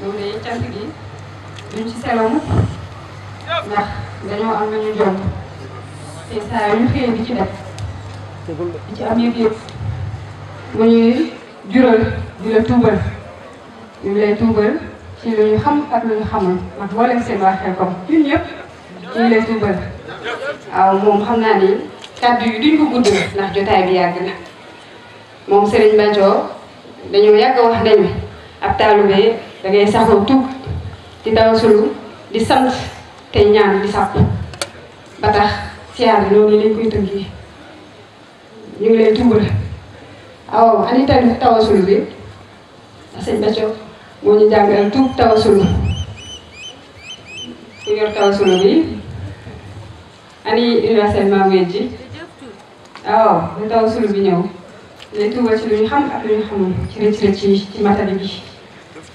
ñoom dạ, dạ dañuy à, đi gi duñ ci selon ndax dañoo am nañu jom te saa yu xëyee di ci def di ci am yëg-yëg mu ñuy jural di la tuubal ñu lay tuubal ci lu ñu xam ak lu ñu xamul ak mboolem seen waa Xelcom ñun ñëpp ñu lay tuubal waaw moom xam naa ni kàddu yi duñ ko gudd ndax jotaay bi yàgg na moom Serigne Bacco dañoo yàgg wax dañu ab taalubee da ngay saxoo tub di tawasulu di sant tey ñaan di sàpp ba tax siyaar bi noonu lañ koy tënkee ñu ngi lay tumbal aw ani tamit tawasulu bi ndax sëñ Bacco moo ñu jàngal tub tawasulu ku bi ani universellement wéet ji aw ci lu ñu xam ak ñu xamul ci rëcc rëcc yi ci matali bi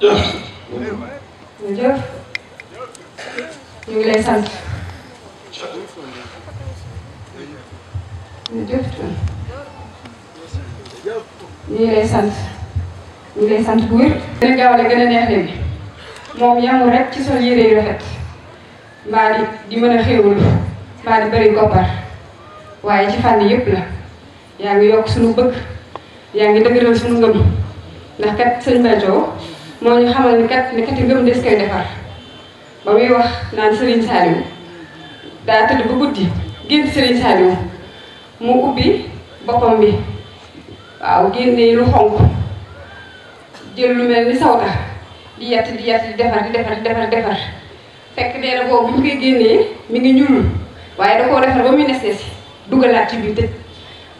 jërëjëf ñu ngi lay sant jërëjëf ñu ngi lay sant ñu ngi lay sant bu wér. gën a gaawale gën a neex léegi moom yamul rek ci sol yére yu rafet mbaa di di mën a xéewul mbaa di bëri koppar waaye ci fànn yëpp la yaa ngi yokk suñu bëgg yaa ngi dëgëral suñu ngëm ndax kat sëñ Bethio. moo ñu xamal ni kat nekkati ngëm des koy defar ba muy wax naan Serigne Saliou daa tëdd ba guddi génn Serigne Saliou mu ubbi boppam bi waaw génne lu xonk jël lu mel ni sawta di yett di yett di defar di defar di defar di defar fekk nee na boobu bu ñu koy génnee mi ngi ñuul waaye da koo defar ba muy nestee si ci biir tëj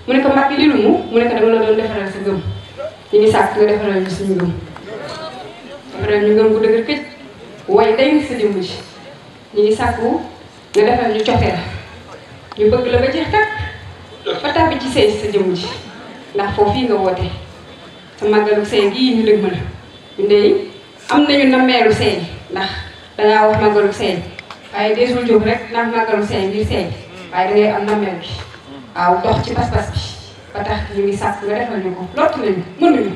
mu ne ko mag li lu mu mu ne ko dama la doon defaral sa gëm ñu ngi sàkk nga defaral ñu suñu gëm maanaam ñu gën ko dëgër këj waaye day ngi sa jëmm ji ñu ngi sàkku nga defal ñu coxee la ñu bëgg la ba jeex tàkk ba tàbbi ci sëy sa jëmm ji ndax foofu nga woote sa màggalu sëy gii ñu dëgg ma la ñu dey am nañu nammeelu sëy ndax dangaa wax màggalu sëy waaye deesul jóg rek ndax màggalu sëy ngir sëy da dangay am nammeel bi waaw dox ci pas-pas bi ba tax ñu ngi sàkk nga defal ñu ko lott nañu mënuñu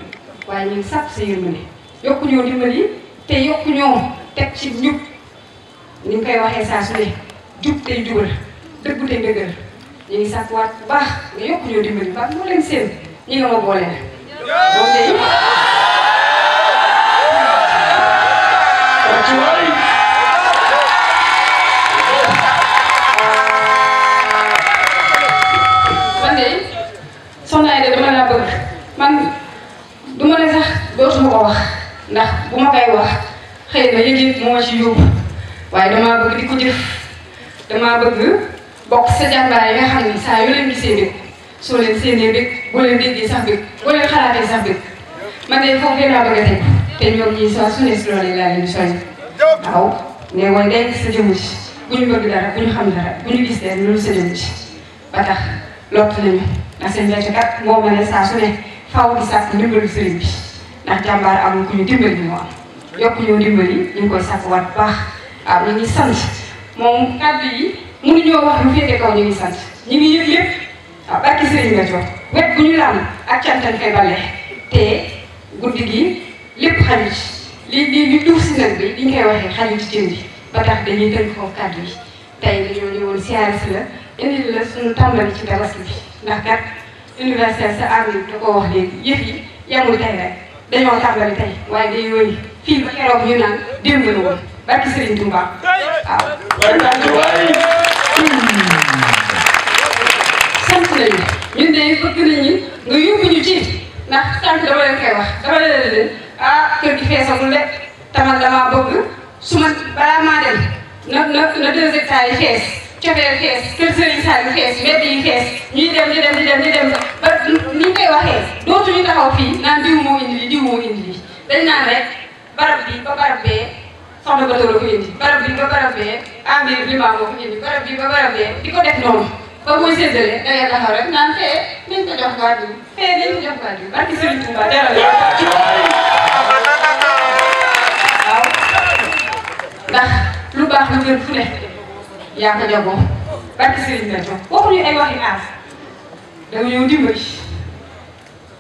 waaye ñu ngi sàkk sa yërmande yokku ñoo dimbali te yokku ñoo teg ci njub ni ñu koy waxee saa su ne jub tey jubal dëggu tey dëggal ñu ngi sàkkuwaat bu baax nga yokku ñoo dimbali baax moo leen seen ñi nga ma boole na moom man dama laa bëgg man du ma ne sax dootuma ko wax ndax bu ma koy wax xëy na yëg-yëg moo ma ci yóbbu waaye damaa bëgg di ko jëf damaa bëgg bokk sa jàmbaar yi nga xam saa yoo leen gisee bëgg soo leen séenee bëgg boo leen déggee sax bëgg boo leen xalaatee sax bëgg man de foofu laa bëgg a teg te ñoom ñii saa su ne si loolu laa leen soññ waaw ne woon denc sa jëmm ci bu ñu bëgg dara bu ñu xam dara bu ñu gis dara loolu sa jëmm ba tax lott nañu ndax seen gerte kat moo ma saa su ne faaw di sàkk ndimbalu sëriñ bi ndax jàmbaar amul ku ñu dimbali ñu am yokk ñoo dimbali ñu ngi koy sakkuwaat bu baax waaw ah, ñu ngi sant moom kàddu yi mënuñoo wax lu féete kaw ñu ngi sant ñu ngi yëg yëpp waaw ah, barki sëriñ nga ñu laal ak gi lépp xajut lii li duuf si nag bi li ñu koy waxee xajut cin bi ba tax dañuy tënk foofu kàddu yi tey dañoo ñëwoon siyaare si la indil la suñu tàmbali ci tabaski bi ndax kat université sa armi da koo wax léegi yëf yi yamul tey rek dañoo tàmbali tey waaye day fii ba keroog ñu naan démb la woon barki Serigne Touba waaw. Hmm. sant nañu ñun de bëgg nañu nga yóbbu ñu ci ndax tànk dama leen koy wax dama leen leen ah kër gi feesagul de tamal damaa bëgg su ma balaa maa dem na na na deux hectares yi cofeel xees kër sëriñ Sall xees mbedd yi xees ñuy dem di dem di dem di dem ba ni ñu koy waxee dootuñu taxaw fii naan diw moo indi li diw moo indi li dañ naan rek barab bi ba barab bee soxna Bato la ko indi barab bi ba barab bee amir limaa moo ko indi barab bi ba barab bee di ko def noonu ba muy séddale da ngay taxaw rek naan fee nañ ko jox baat bi fee nañ ko jox baat bi barki sëriñ Touba jaral waaw ndax lu baax lu gën fu ne yaa ko jagoo barki Serigne Béthio waxuñu ay waxi aas danga ñëw dimbali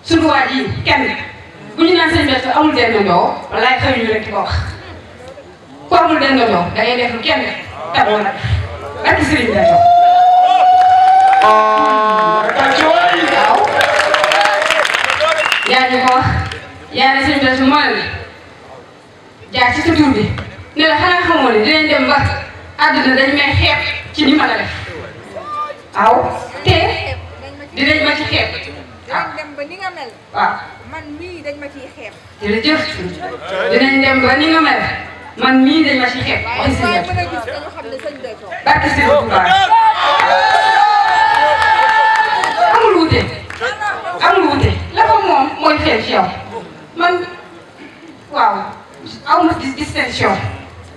suñu waa ji kenn bu ñu naan Serigne Béthio amul denn ñoo walaay xëyuñu rek di ko wax ku amul denn ñoo da ngay def lu kenn taboo nag barki Serigne Béthio. waaw. yaa ñu ko wax yaa ne Serigne Béthio moo la jaar ci sa tur bi la xanaa xamoo ne dinañ àdduna dañ may xeeb ci ni ma la def waaw te dinañ ma ci xeeb waaw waaw jërëjëf dinañ dem ba ni nga mel man mii dañ ma ci xeeb gis nga barke si bu baax amul wute amul la ko moom mooy feeñ ci man waaw aw ma distinction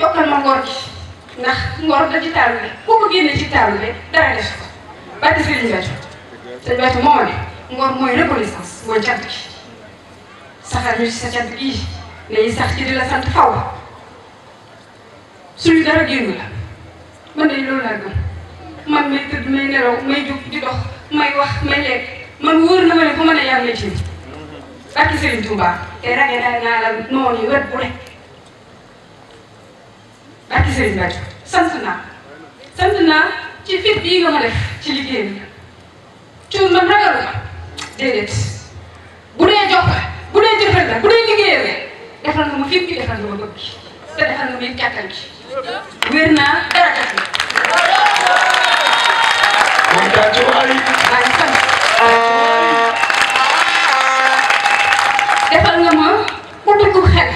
yokkal ma ngor gi ndax ngor da ci taalibe ku ko génnee ci taalibe dara des ko bàyyi sëriñ Béthio sëriñ Béthio moo ne ngor mooy reconnaissance mooy cant gi saxal ñu ci sa cant gii dañuy sax ci di la sant faw suñu dara génn la man de loolu laa gëm man may tëdd may nelaw may jóg di dox may wax may lekk man wóor ma ne fu ne yàlla ci barki Serigne Touba te rage daal naa la noonu wet bu Serigne Mbacke sant naa ci fit bii nga ci liggéey bi cuur man ragalu ma déedéet bu dee jox la bu dee jëfal la bu dee liggéeyal la defal nga ma fit bi defal nga ma bëgg te defal nga ma it kàttan ci wér naa dara def na. defal nga ma ubbi ko xel.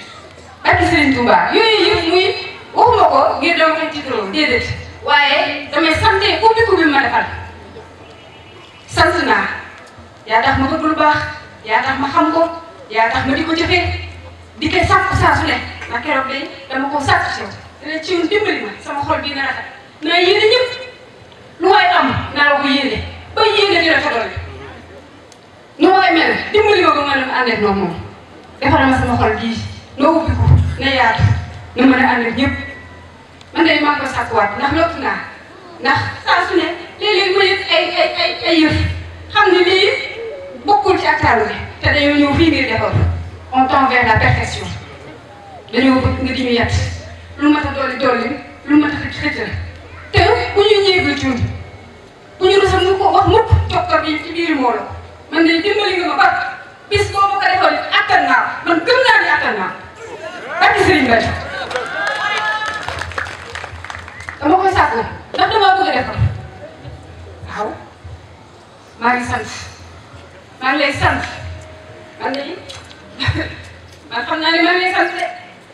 ak Serigne Touba yooyu yëpp muy waxuma ko ngir dama ko ci turam déedéet waaye damay sante ubbi ko bi ma defal sant naa yaa tax ma bëgg lu baax yaa tax ma xam ko yaa tax ma di ko jëfee di ko sàkku saa su ne ndax keroog day dama si dana ci woon ma sama xol bii na rafet naa yéene ñëpp lu waay naa la ko yéene ba yéene di la fa doole nu waay mel dimbali ma ba ma dem ànd ak moom moom defal ma sama xol bii noo ubbi na yaatu na mën a ànd ak ñëpp man de maa ndax lottu naa ndax saa su ne léeg-léeg ay ay ay ay xam ne lii bokkul ci ak taalu te dañoo fii nga di ñu yat lu mat a dolli dolli lu mat a xëcc xëccal te bu ñu ñeegul cuun bu ñu rusam nu ko wax mukk jokkoo bi ci biir mbooloo man de dimbali nga ma ba bis boo ma ko defal attan naa man gëm naa ni attan naa bàcc sëriñ Bari dama koy sàkku ndax damaa bëgg a def ko waaw maa ngi sant maa ngi lay sant man de man xam naa ne maa ngi lay sant de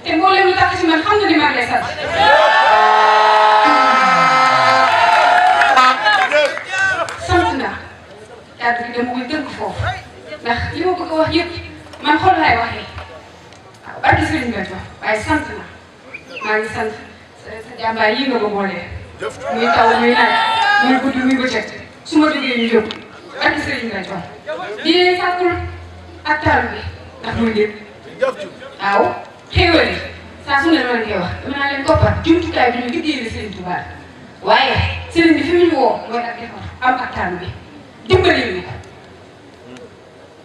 te mboolem lu tax na ne maa ngi lay sant. sant naa barki sëriñ nga jox waaye sant na maa ngi sant sa jàmbaar yi nga ko boolee muy taw muy naaj muy guddi muy bëccëg su ma duggee ñu yóbbu barki sëriñ nga jox di sàkkul ak taal bi ndax muy lépp waaw xéewal yi saa su ne ma koy wax dama naa leen koppar jumtukaay bi ñu liggéeyal sëriñ Tuubaa waaye sëriñ bi fi mu ñu woo mooy ak defar am ak taal bi dimbali ñu ko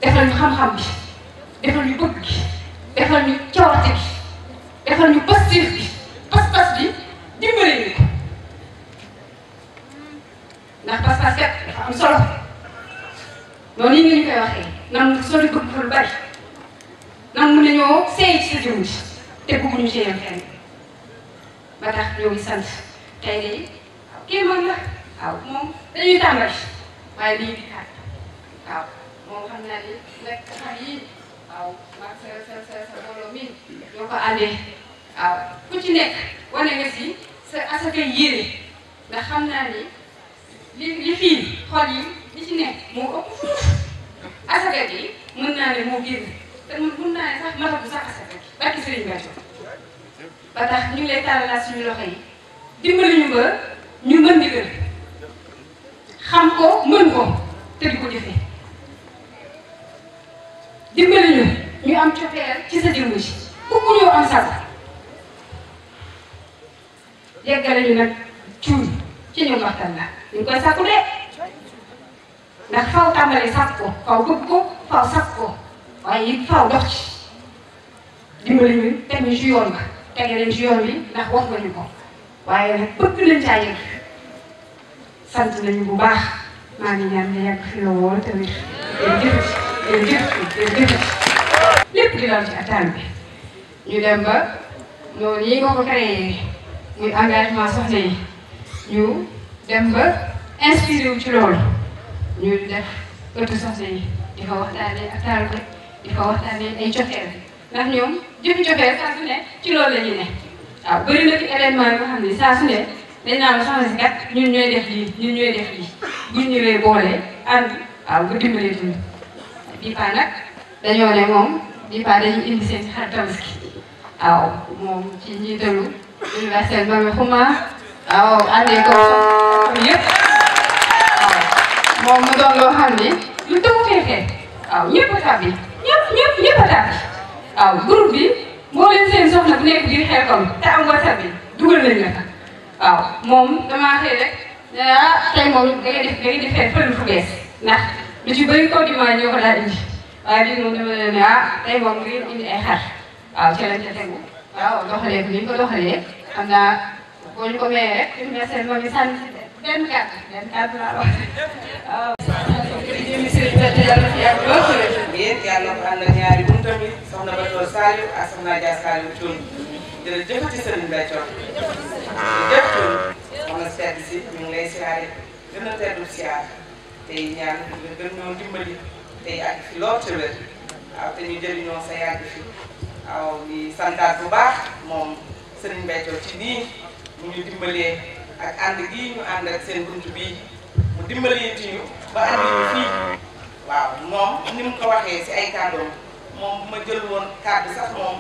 defal ñu xam-xam bi defal ñu bëgg gi defal ñu cawarte bi defal ñu pastif bi pas-pas bi dimbale ñu ko ndax pas-pas kat dafa am solo noonu yi nga ñu koy waxee nan sori ko bari nan mun nañoo seey ci sa jiwu ji te bëgguñu ci yem ba tax ñoo ngi sant tey de la waaw moom dañuy tàmbali waaye moom xam naa ni nag xam yii waaw mag sa sa sa sa mbooloo mi ñoo ko àndee waaw ku ci nekk wane nga si sa asaka yéene ndax xam naa ni li li fii xol yi li ci nekk moo ëpp fuuf asaka gi mën naa ne moo génn te mën mën naa ne sax matagu sax asaka gi barki sëriñ Bacco ba tax ñu ngi lay tàllalaat suñu loxo yi dimbali ñu ba ñu mën di gën xam ko mën ko te di ko jëfee dimbali am cofeel ci sa jëmm ji bëgguñoo am sago yeggale ñu nag cuuñ ci ñoom waxtaan la ñu ngi koy sakku de ndax faw tàmbalee sakk ko faw bëgg ko faw sakk ko waaye it faw dox ci dimbali ñu teg ñu ci yoon ba tege leen ci yoon bi ndax wax nga ñu ko waaye nag bëgg leen caa yëg sant nañu bu baax maa ngi ñaan nga yàgg fi la woon tamit jërëjëf jërëjëf jërëjëf lépp di law ci attaan bi ñu dem ba loolu yi nga ko créé muy engagement soxna yi ñu dem ba inspiré ci loolu ñu def ëttu soxna yi di fa waxtaanee ak taalibe di fa waxtaanee ay cofeel ndax ñoom jëfi cofeel saa su ne ci loolu la ne waaw bëri na fi événement yi nga xam ne saa su ne dañ naan la soxna kat ñun ñooy def lii ñun ñooy def lii buñ ñëwee boole ànd waaw bu dimbalee tuuti bii nag dañoo ne moom. bii paa dañuy indi seen xar tabaski moom ci njiitalu université Mame Xuma waaw àndee ko yëpp waaw moom mu doon loo xam ne lu tëwteefee waaw ñëpp a tàbbi ñëpp ñëpp ñëpp a tàbbi waaw groupe bi moo leen nekk biir Xelcom te am whatsapp bi dugal nañ la fa waaw moom damaa xëy rek ah moom da ngay def da ngay def fenn fële fu bees ndax lu ci bëri code ñoo ko daal waaye bii moom dama leen ne ah tey moom ay xar waaw ca lañ ca tegu waaw doxalee ko ni ko doxalee xam naa boo ko mayee rek suñu message moom ñu sànni si benn kàddu benn kàddu laa wax waaw. jërëjëf monsieur le maire yàlla na fi yàgg lool su rafetlu yéen yàlla na a teddu te ak fi lool te wér te ñu jëriñoo sa yàgg fi waaw di santaat bu baax moom Serigne Béthio ci nii mu ñu dimbalee ak ànd gii ñu ànd ak seen bunt bii mu dimbalee ci ñu ba ànd ñu fii waaw moom ni mu ko waxee si ay kàddoom moom ma jël woon kàddu sax moom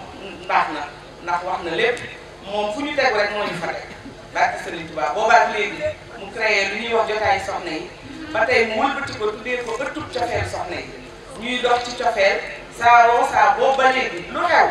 baax na ndax wax na lépp moom fu ñu teg rek moo ñu fa teg barke Serigne Touba boobaat léegi mu créé lu ñuy wax jotaayu soxna yi ba tey mu wëlbati ko tuddee ko ëttub cofeel soxna yi ñuy dox ci cofeel saa woo saa boobu ba léegi lu xew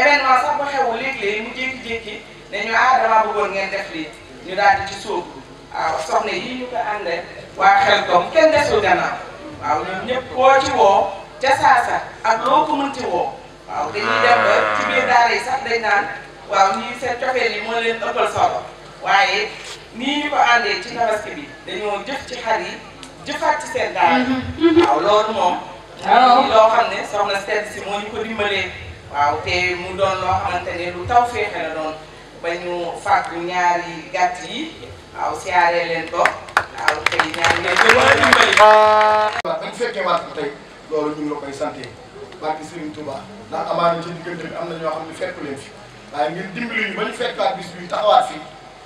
événement sax bu xewul léeg-léeg mu jékki-jékki ne ñu ah damaa bëggoon ngeen def lii ñu daal di ci sóobu waaw soxna yi ñu ko àndee waa xel koom kenn desul gannaaw waaw ñoom ñëpp koo ci woo ca saasa ak loo ko mënti woo waaw dañuy dem ba ci biir daara yi sax dañ naan waaw ñii seen cofeel yi moo leen ëppal solo waaye nii ñu ko àndee ci tabaski bi dañoo jëf ci xar yi. jëfaat ci seen daara mhm. mhm. waaw loolu moom waaw loo xam ne soxna sedd si moo ñu ko dimbalee waaw te mu doon loo xamante ne lu taw féexe la doon ba ñu fàgg ñaari gàtt yi waaw siyaaree leen ko waaw te ñaari yi war a dimbali waaw dañ fekkee waat ko tey loolu ñu ngi la koy sant barke Serigne Touba ndax amaana ci diggante bi am na ñoo xam ne fekku leen fi waaye ngeen dimbali ba ñu fekkaat bis bi ñu taxawaat fi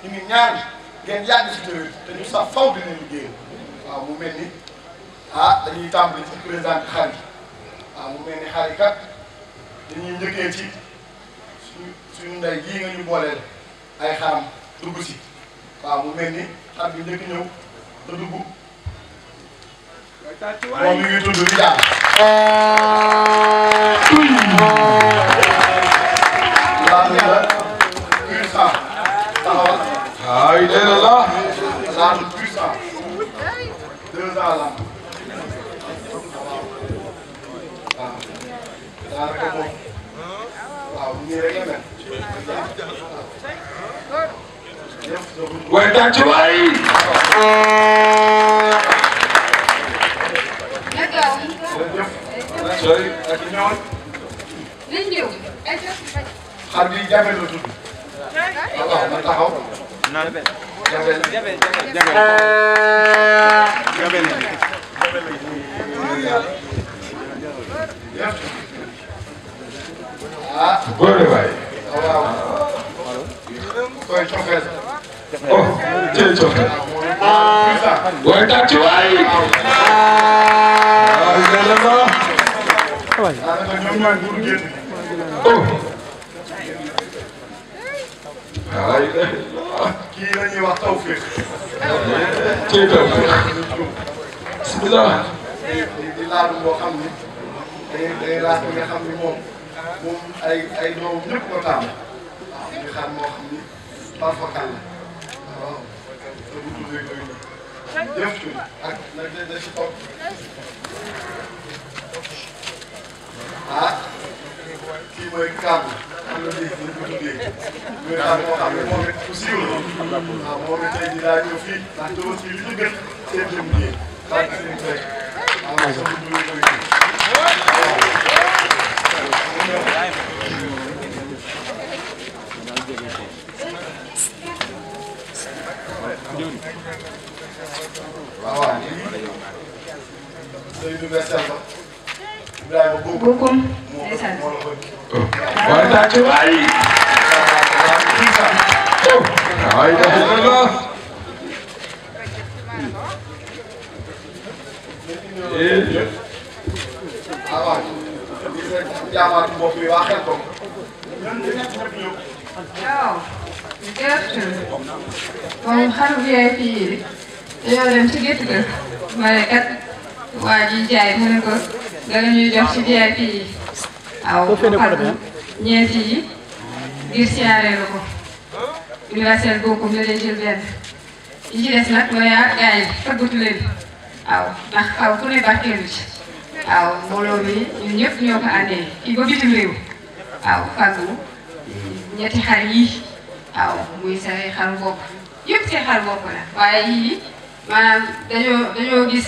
ngi ñaari ngeen yàgg si tëwér te ñu sax faw dinañu génn waaw mu mel ni ah dañuy tàmbali ci président xar yi waaw mu mel ni xar yi kat dañuy njëkkee ci suñu suñu ndey jii nga ñu booleel ay xaram dugg si waaw mu mel ni xar bi njëkk ñëw da dugg moom mi ngi tudd Lidia. Pape Bakal waaw. jëf ak nag da si topp ah kii mooy Kaam am na léegi ñu ko tuddee mooy Kaam moo xam ne moom it ku siiw la waaw moom it tey jii daa ñëw fii ndax doo ci li ñu gën seen jëm nii. waaw sëriñ bi weesal ma. Ibrahima bokkum bokkum. ndeysaan moo la bëgg. war naa ci waay. waay dafa la. waaw gis nga jaamaatu mbokk yi waa xel ko. ñun ñu nekk rek ñëw. waaw. gerte. moom xaru VIP yi. dañoo dem ci gétt ga. maye kat. waa ji jaay mu ne ko dana ñuy jox ci VIP yi waaw mu xalku ñeenti yi ngir ko universel bokkum la yi ci des nag mu ne ah gars yi tëggatu leen waaw ndax xaw ku ne barkeelu ci waaw mbooloo mi ñun ñëpp ñoo ko àndee fii ba bitim réew waaw fàggu ñetti xar yii waaw muy say xar bopp yëpp say xar bopp la waaye yii maanaam dañoo dañoo gis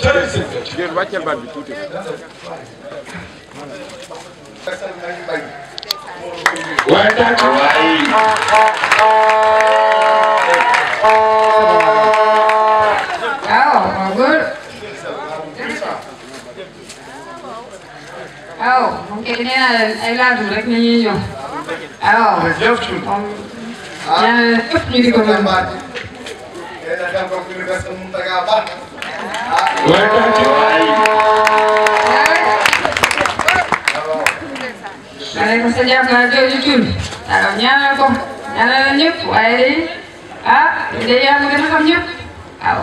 sëriñ si. ngeen wàcceel baat bi tuuti. waaye daal waay. waaw maa góor. waaw moom ko doon. Welcome to Ali. maaleykum salaam wa rahmatulah. alors ñaanal ko ñaanal ñëpp waaye ah léegi yaa ngi gën a xam ñëpp waaw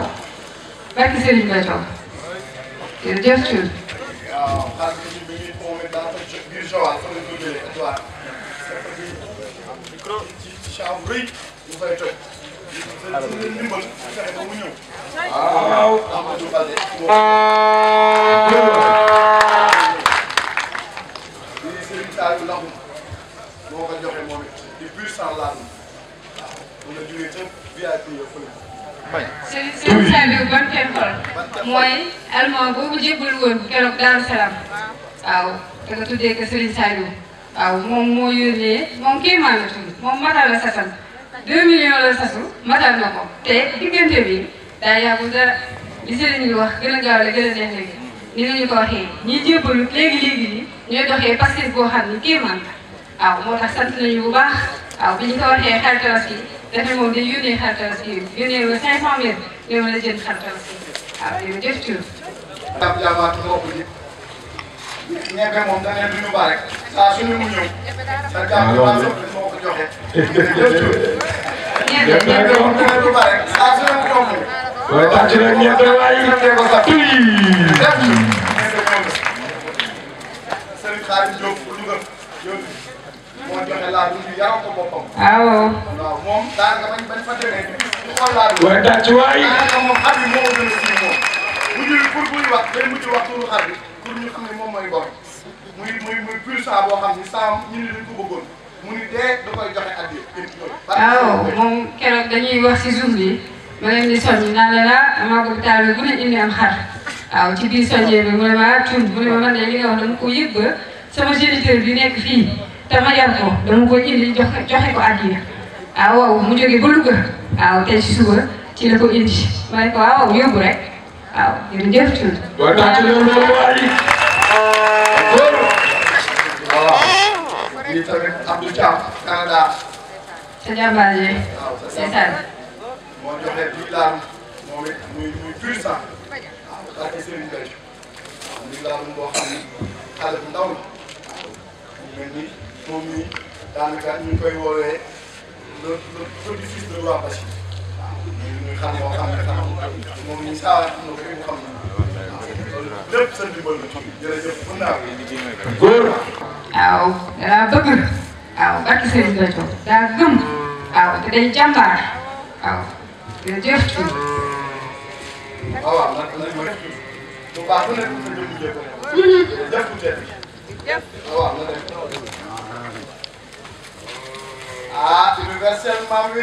barki Serigne Béthio jërëjëf Thioune. waaw waaw Amadou Baldé lii Serigne Saliou Lahoum moo ko joxe moom it di pur sang laadum mu nga jógee ca VIP ya fële bañ Serigne Serigne Saliou ban kenn xol mooy allemand boobu jébbal woon keroog Daaru Salaam waaw da nga tuddee ko Serigne Saliou waaw moom moo yónnee moom kii maa la tudd moom Mara la sa sant 2 millions la sasu matal na ko te diggante bi daa yàggu dara li sëriñ wax gën a gaaw la gën a neex léegi ni la ñu ko waxee ñi jébbalu léegi léegi nii ñooy doxee pastis boo xam ni kéemaan la waaw moo tax sant nañu bu baax waaw bi ñu ko waxee xar tabaski dafa a day yónnee xar tabaski yi yónnee ba 500 mètres ñoom la jënd xar tabaski waaw yow jëf tur. daam jaabaatu bopp ji ñebe moom da ngeen di ñu ba rek saa su ne mu ñëw. da jaabaatu bopp ji moo ko joxe. jëf tur. ñebe ñebe wax dëgg bu bare saa su ne ko tombé. waaye tàcc na ñebe waaye ñu ne ko sax. Serigne Khadim Diop bu Louga moo joxe laaj bi yaram ko boppam. waaw moom daanaka bañ bañ fa demee ñu xool laaj bi. waaye tàcc waay. daanaka moom xar bi moo gën a siiw moom. bu ñuy pour buy wax day mujj wax turu xar bi pour ñu xam ne moom mooy bor muy muy muy puissant boo xam ni saa ñu ne dañ ko bëggoon. mu ni dee da koy joxe addi waaw moom keroog dañuy wax si suuf bi ma leen di soññi naan la la maa ko taal bu ne am xar waaw ci biir soññee bi mu ne ma tuut mu ma man li nga wax dama ko yëg ba sama géniteur bi nekk fii te ma yar ko dama ko indi joxe joxe ko addi waaw mu jógee ba Louga waaw tey ci suba ci la ko indi ma ne ko waaw yóbbu rek waaw jërëjëf tuut. waaw Abdou Thiaw Canada. sa jàmbaar yi. waaw sa moo joxe bii laal moom it muy muy puissant. waaw parce que Serigne Gueye. waaw bii laal boo xam ne xale bu ndaw la. waaw mel ni moom mii daanaka ñu ngi koy woowee le le petit-fils de roi Bachir. waaw muy xam boo xam ne xam moom mii na ko xam lépp sa ndimbal la jërëjëf mën naa ko. góor. waaw. waaw barke Serigne Béthio daa gëm waaw te day jàmbaar waaw jërëjëf ci waaw bu baax bu nekk ah universel maam wi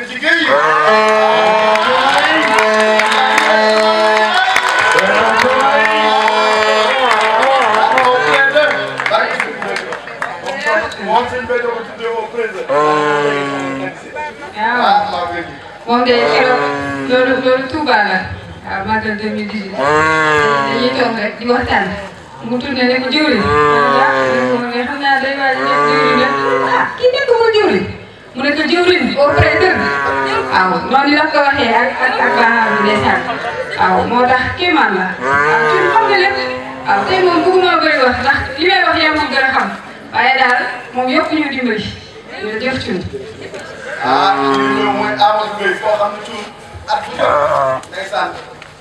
moom de loolu loolu Touba la waaw màggal 2018 dañuy toog rek di waxtaan mu tourné ne ko jëwriñ ne xam naa day waaj nekk jëwriñ ah kii nekk mu jëwriñ mu ne ko jëwriñ auprès de waaw noonu la ko waxee ak ak ak baaxaar bi ndeysaan waaw moo tax kéemaan la waaw ci xam ne lépp waaw tey moom bëgguma bëri wax ndax li may wax yaa ngi ko gën a xam waaye daal moom yokku ñu dimbali jërëjëf ci ah eh. xam ne tur at bu jot ah. ndeysaan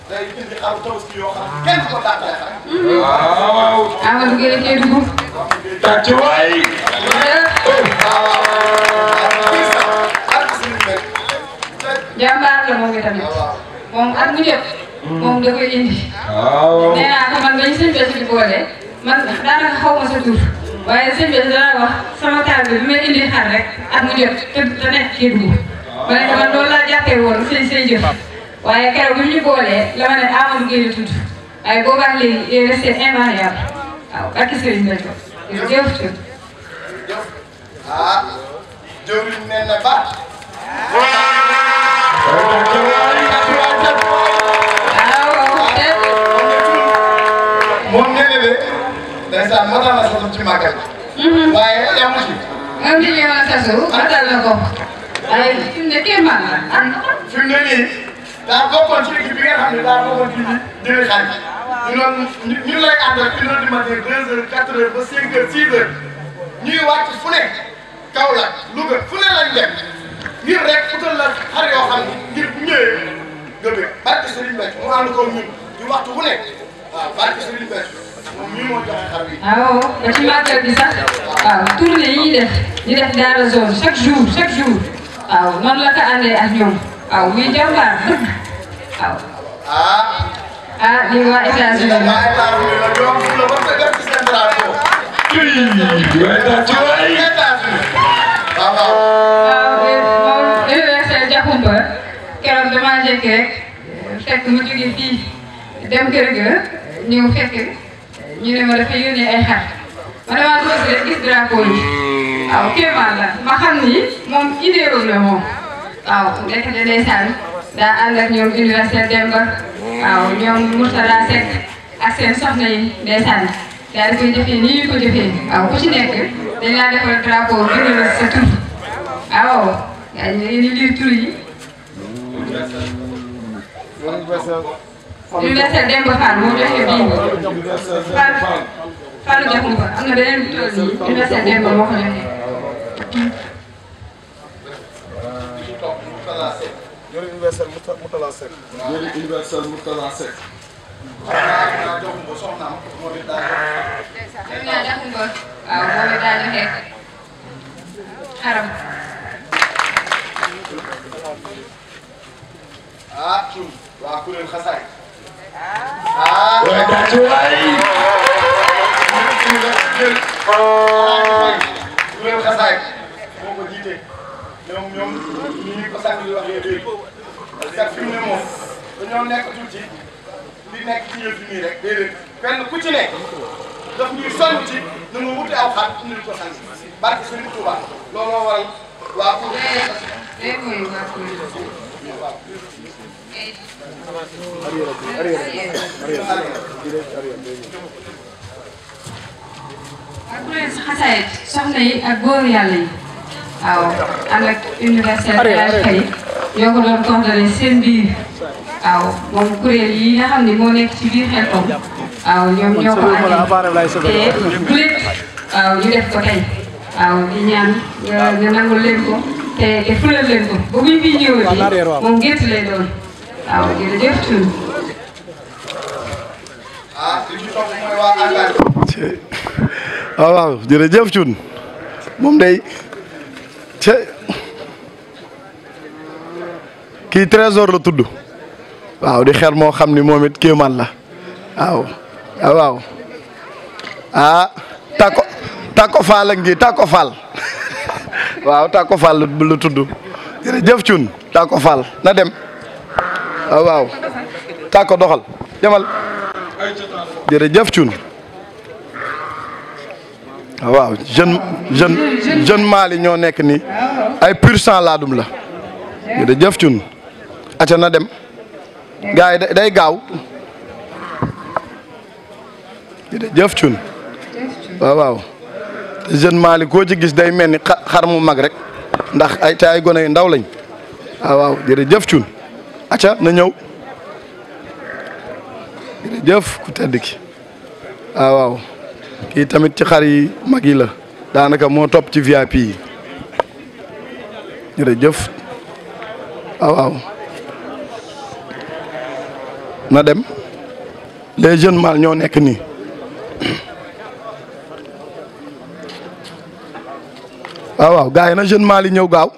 day indi xaru tabaski yoo xam ne kenn du ko tàqale xar. Ah, waaw ah, waaw. Amadou Gueye kay dugg. tàcc waay. jàmbaar la moom itamit moom at mu jot. Hmm. moom da koy indi. waaw nee naa ko man bañ seen bés di boole man daanaka xaw ma sa tur. waaye seen bés danaa wax sama taal bi bi may indi xar rek at mu jot te te nekk kii dugg. ma ne man loolu laa jàppee woon sëñ sëñ jëf waaye keroog bi ñu boolee la ma ne Amadou Guèye la tudd waaye boobaa léegi il est resté invariable waaw bakki sëriñ lañ ko jërëjëf jëf ah jëwriñ nee na ba moom nee na de ndeysaan matal na sasum ci màggal waaye amu ci moom di ñëw na sasu matal na ko fi mu ne kii man la fi mu ne nii daa bokkoon ci équipe bi nga xam ne daa bokkoon ci jëlee xaalis ñun ñu lay ànd ak une heure du matin deux heures quatre heures ba cinq heures six heures ñuy wàcc fu ne Kaolack Louga fu ne lañ dem ngir rek utal la xar yoo xam ne ngir bu ñëwee nga bëgg barke Serigne Mbacke mu ànd ko ñun di waxtu bu nekk waaw barke Serigne Mbacke moom mii moo joxe xar bi. waaw ba ci màggal bi sax waaw tournée yi ñuy def ñu def daara zone chaque jour chaque jour. waaw noonu la ko àndee ak ñoom waaw muy jàmbaar waaw. ah. ah ñu ngi waa États-Unis. waaw moom université Diakhoumpa keroog damaa jékkee rek fekk mu jógee fii dem kër ga ñëw fekk ñu ne ma dafa yónnee ay xar ma damaa toog rek gis drapeau yi. waaw kéemaan la ma xam ni moom idéeroon la moom waaw ndekete ndeysaan daa ànd ak ñoom université Demba waaw ñoom Mourtada Seck ak seen soxna yi ndeysaan daal di koy jëfee nii ñu ko jëfee waaw ku ci nekk dañ laa defal drapeau bind la sa waaw yaa ngi leen di lire tur yi. université Demba moo joxe bii. Fallou jox na ko am na beneen bu toll nii université Demba moo ko joxee. jërëjëf universel Moutala Seck. jërëjëf universel Moutala Seck. waaw jox ko soxnaam moom it daa jox ko. waaw moom it daa joxe xaram. ah Thioune waa kuréel xasaay. ah. ñu def jël lu leen xasaay moo ko jiite ñoom ñoom ñu ngi ko sànni di wax léegi parce que fi mu ne moom dañoo nekk tuuti li nekk ci yëf yi nii rek déedéet kenn ku ci nekk daf ñuy sonn ci nu mu wuti aw xaat ñu ko sànni barke Sëriñ Tuuba looloo waral waa pour Arrière, arrière, arrière, arrière, arrière, ak kuréel xasaayit soxna yi ak góor yàlla yi waaw ànd ak université Alfa yi ñoo ko yi nga xam ne moo nekk ci biir Xelcom waaw ñoom ñoo ko def ko tey waaw di ñaan nga nangul leen ko te te fulal leen ko ba buñ fiy ñëwati moom gerte lay waaw jere jeuf ciun mom day ci ki trésor la tuddu waaw di xer mo xamni momit moom it la waaw waaw ah tako tako fal ngi tako fal, waaw tako fal la jere jeuf ciun tako fal, na dem waaw tako doxal jere jeuf ciun Ah, waaw jeune jeune jeune ñoo nekk nii ay pur sang laadum la jërëjëf cun acca na dem gars yi day gaaw jërëjëf cun waaw waaw te jeune Mali koo ci gis day mel ni xar mu mag rek ndax ay te ay gone yu ndaw lañ waaw ah, waaw jërëjëf cun acca na ñëw jërëjëf ku tedd ki ah, waaw waaw kii tamit ci xar yi mag yi la daanaka moo top ci VIP yi jërëjëf waaw waaw na dem les jeunes mâles ñoo nekk nii waaw waaw gars na jeunes mâles yi ñëw gaaw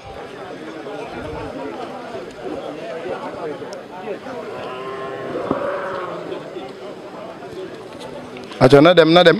aco na dem na dem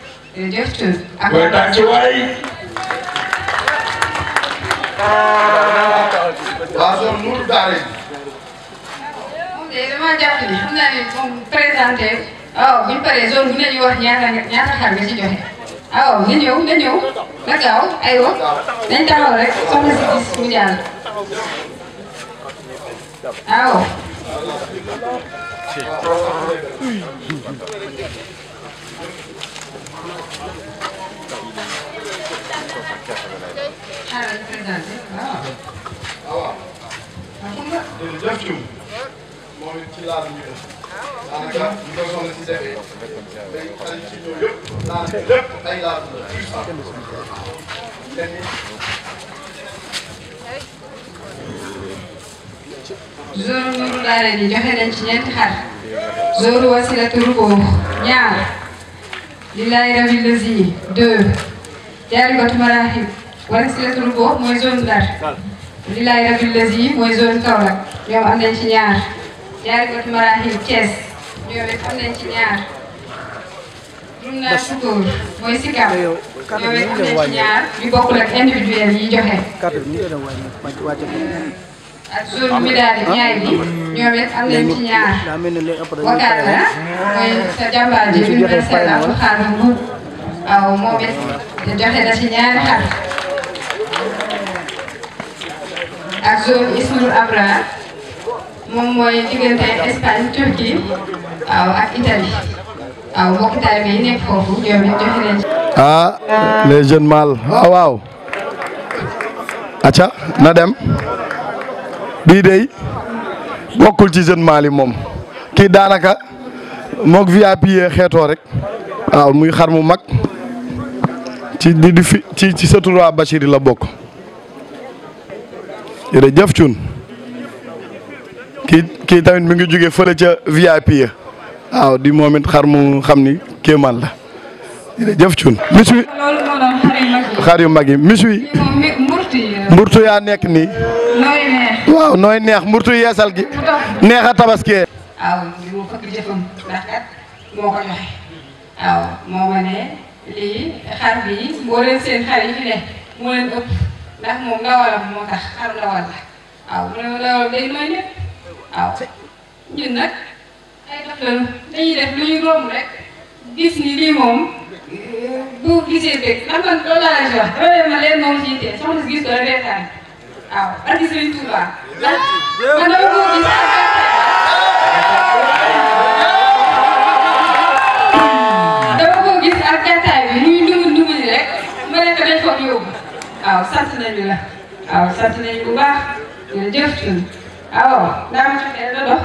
jërëjëf Thioub. ak mooy tànc waay. waa zone Nour Daara yi. moom de damaa jàpp ne xam zone bu ne ñu wax ñaata ñaata xar nga ci joxe. waaw nga ñëw nga ñëw nga gaaw aywa dañ taxaw rek soxna si gis mu jàll. waaw. xaaral ñu présenté waaw. waaw ci laal ñu la zoro Nourou Laareen yi joxe nañ ci ñeenti xar zoro wasilatu ruux ñaar lillaay rabi wala silatul boobu mooy zone Ndar lilaay rabil lazi mooy zone Kaolack ñoom am nañ ci ñaar jaari bot marahil Thiès ñoom it am nañ ci ñaar rum naa sukóor mooy sikab ah, ah. ñoom it am nañ ci ñaar yu bokkul ak individuel yi joxe ak bi ñoom it am nañ ci wakaat la mooy sa jàmbaar ji université Abdou Khadre Mboup waaw moom it na ci ñaari xar ah les jeune mâles ah, waaw. acca na dem bii bokkul ci jeune mâle yi moom kii daanaka moog VIP yee xeetoo rek waaw muy xar mu mag ci di di fi ci ci sa tur la bokk. jërëjëf Thioune kii kii tamit mi ngi jóge fële ca VIP ya waaw di moom xar mu xam ni kéemaan la jërëjëf Thioune misu xar yu mag yi misu yi mburtu yaa nekk nii waaw nooy neex mburtu yeesal gi neex a tabaskee waaw moo ko lii xar bi boo leen seen xar yi fi leen ëpp ndax moom ndawalam moo tax xar ndawal la waaw mu ne ndawalam day may lépp waaw ñun nag ay dox lañu dañuy def lu ñu romb rek gis ni lii moom bu gisee bëgg ndax man loolu laa lay wax problème ma leen moom ci ittee soxna si gis ko rek reetaan waaw barki Sëriñ Tuubaa sant nañu la waaw sant nañu bu baax jërëjëf Thioune waaw ndax ma ci mel na dox.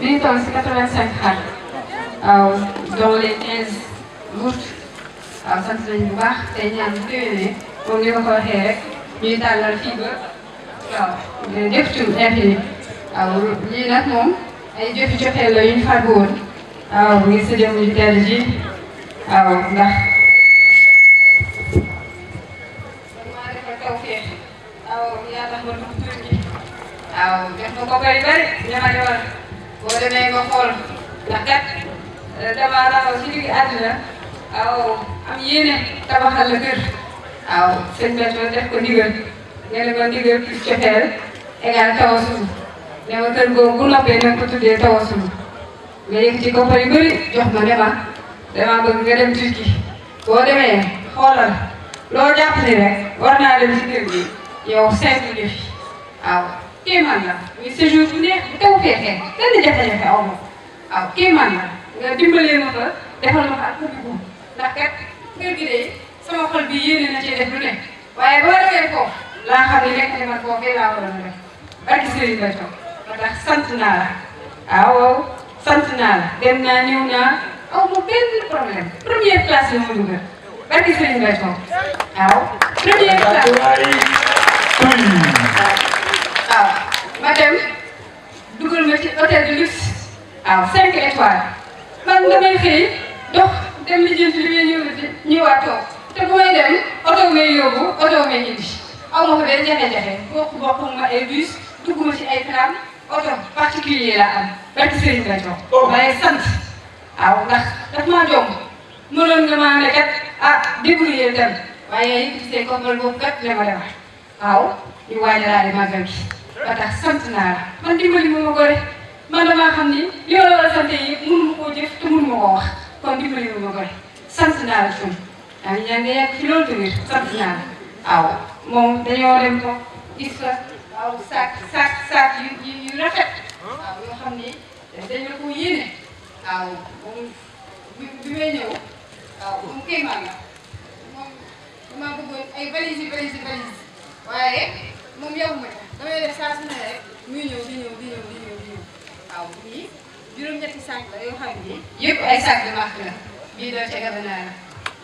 mi ngi toll si 85 xar waaw dont les 15 gouttes waaw sant nañu bu baax te ñaan bu déwénee comme ni ma ñuy tàllal fii ba waaw jërëjëf Thioub infini waaw lii nag moom ay jëfi joxeel la yu ñu fàggu woon waaw ngir sa jëm ju teel ji waaw ndax man maa defal tawfeex waaw yàlla ma tax tur gi waaw def nga ko koy bari ñu ma defal boo demee nga xool ndax kat dama raxaw ci digg àddina waaw am yéene tabaxal la kër waaw sëñ Béthio def ko ndigal nee na ko ndigal ci cofeel égal tawasul ne ma kër googu bu noppee na ko tuddee tawasul nga yëkkati koppar yu bëri jox ma ne ma damaa bëgg nga dem Turki boo demee xoolal loo jàpp ni rek war naa dem ci kër gi yow seetlu nga fi waaw kéemaan la muy séjour bu neex bu taw feexee benn jafe-jafe aw ma waaw kéemaan la nga dimbalee ma fa defal ma fa ak kër gi ndax kat sama xol bi yéene na cee def lu ne waaye boo demee foofu laa xam ne nekk na man foofee laa waroon a def barki sëriñ Béthio moo tax sant naa la waaw sant naa la dem naa ñëw naa aw ma benn problème première classe la ma dugal barki sëriñ Béthio waaw première classe waaw ma dem dugal ma ci hôtel de luxe waaw cinq étoiles man damay xëy dox dem li jënd li may ñëw ñëwaat toog te bu may dem oto ngay yóbbu oto ngay indi aw ma ko benn jafe-jafe bokk bokkuma dugguma ci ay tram oto particulier la am barki sëriñ la jox. waaye sant waaw ndax daf maa jomb mënoon nga maa ne ah, kat ah débrouiller dem waaye yëkkati seen koppal la ma demal bi ba tax sant naa la man dimbali ma ma man damaa xam ni li la war a sant yi mënu ma koo jëf te wax kon dimbali ma ma gore sant naa la suñu. waaw ñaan nga yàgg fi loolu tamit sant naa waaw moom dañoo dem ko gis fa waaw saak saak saak yu yu yu rafet waaw yoo xam ni dañ la ko yéene waaw moom bi bi may ñëw waaw moom kéemaan la moom damaa bëggoon ay valise yi valise yi valise waaye moom yow ma damay def saa su ne rek muy ñëw di ñëw di ñëw di ñëw di ñëw waaw bii juróom-ñetti saak la yoo xam ni yëpp ay saak de marque la bii doo ca gabanaara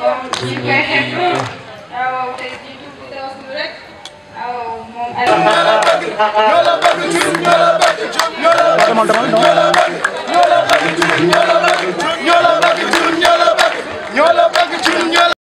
ñu ngi koy xeeb waaw tey jii tuuti daw suñu rek waaw moom ay. ñoo la bëgg ñoo la bëgg ñun ñoo la bëgg ñoo la bëgg ñoo la bëgg ñoo la bëgg ñoo la bëgg ñoo la bëgg